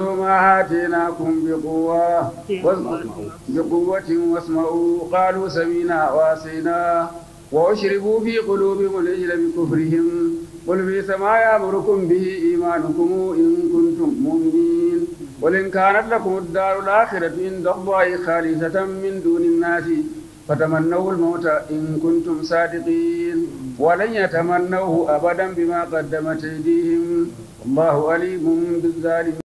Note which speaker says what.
Speaker 1: ما آتيناكم بقوة بقوة واسمعوا قالوا سمينا وعصينا وأشربوا في قلوبهم العجل بكفرهم قل بئس ما يأمركم به إيمانكم إن كنتم مؤمنين قل إن كانت لكم الدار الآخرة عند الله خالصة من دون الناس فتمنوا الموت إن كنتم صادقين ولن يتمنوه أبدا بما قدمت أيديهم الله عليم بالظالمين